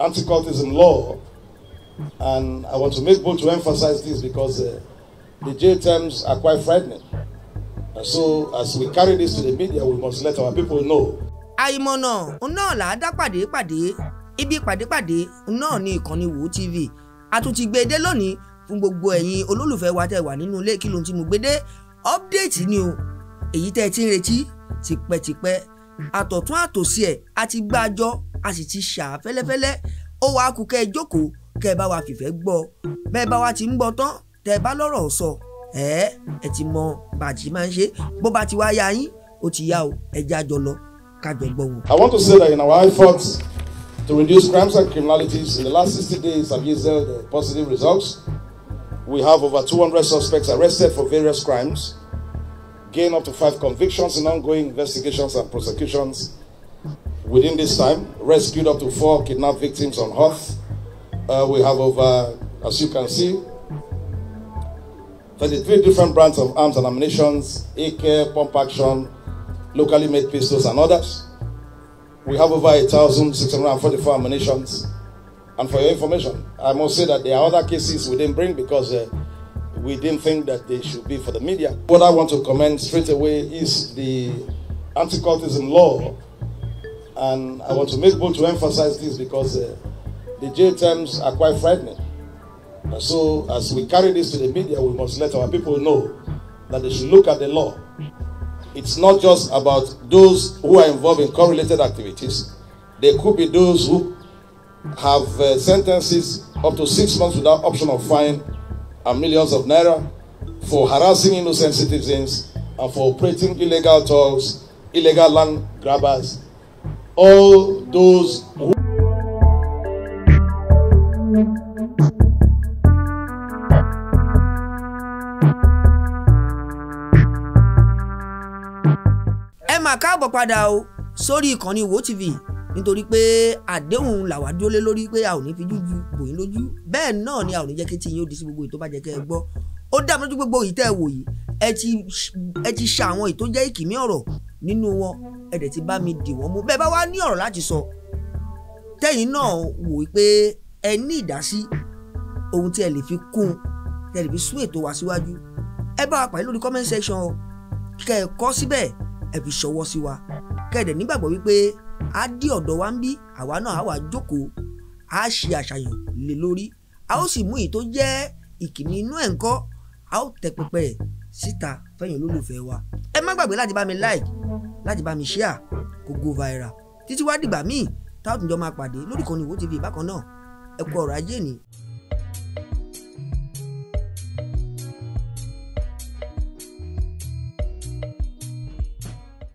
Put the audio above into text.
anti-cultism law. And I want to make bold to emphasize this because uh, the jail terms are quite frightening. And so, as we carry this to the media, we must let our people know. àìmọ̀nà unola, náà là á ibi pade pade, ní ìkànnì wo tv a tún ti gbé e dé lónìí fún gbogbo ẹ̀yin olólùfẹ́ wa tẹ́ wà nínú ilé kí ló ń ti mú gbé dé ni o èyí tẹ́ ẹ ti ń retí tipẹ́tipẹ́ àtọ̀tún àtòsí ẹ̀ àti gbájọ́ a sì ti ṣà fẹ́lẹ́fẹ́lẹ́ ó wàá kú kẹ́ ẹ jókòó kẹ́ ẹ bá wa fìfẹ́ gbọ́ bẹ́ẹ̀ bá wa ti ń gbọ́ tán tẹ́ ẹ bá lọ́rọ̀ sọ ẹ ẹ ti mọ bàjí máa ń ṣe bó bá ti wá ya yín ó ti yá o ẹ jẹ́ àjọ lọ kájọ gbọ́ wọn. I want to say that in our efforts to reduce crimes and criminalities in the last sixty days have yielded positive results. We have over 200 suspects arrested for various crimes, gained up to five convictions in ongoing investigations and prosecutions, Within this time, rescued up to four kidnapped victims on Hoth. Uh, we have over, as you can see, 33 different brands of arms and ammunition, AK, pump action, locally made pistols, and others. We have over 1,644 ammunitions. And for your information, I must say that there are other cases we didn't bring because uh, we didn't think that they should be for the media. What I want to comment straight away is the anti-cultism law and I want to make bold to emphasize this because uh, the jail terms are quite frightening. And so, as we carry this to the media, we must let our people know that they should look at the law. It's not just about those who are involved in correlated activities, there could be those who have uh, sentences up to six months without option of fine and millions of naira for harassing innocent citizens and for operating illegal tolls, illegal land grabbers, all those who ẹ mà káàbọ̀ padà o sórí ìkànnì wo tv nítorí pé àdéhùn làwa dúró lé lórí pé a ò ní fi jújú bò yín lójú bẹ́ẹ̀ náà ni a ò ní jẹ́ kí tí yín ó di sí gbogbo èyí bá jẹ́ kẹ́ ẹ gbọ́ ó dá lójú gbogbo èyí tẹ́ ẹ wò yìí ẹ ti ṣe àwọn èyí jẹ́ ìkìmí ọ̀rọ̀ nínú wọn ẹ dẹ̀ ti bá mi dì wọ́n mú bẹ́ẹ̀ bá wá ní ọ̀rọ̀ láti sọ tẹ́yìn náà wò ó pé ẹ ní ìdásí ohun tí ẹ lè fi kún tẹ́ lè fi sún ètò wa síwájú ẹ bá wa pàdé lórí comment section o kẹ́ ẹ kọ síbẹ̀ ẹ fi ṣọwọ́ sí wa kẹ́ ẹ dẹ̀ nígbàgbọ́ wípé á dí ọ̀dọ̀ wa ń bí àwa náà á wà jókòó á ṣe àṣàyàn lé lórí a ó sì mú èyí tó jẹ́ ìkíni inú ẹ̀ ń a ó tẹ pẹpẹ síta fẹ́yìn olólùfẹ́ wa ẹ má gbàgbé láti bá mi like láti bá mi share kó go viral títí wá dìgbà míì táwọn tún jọ máa pàdé lórí ìkànnì Wo TV bákan náà ẹ kú ọ̀rọ̀ ajé nìyí.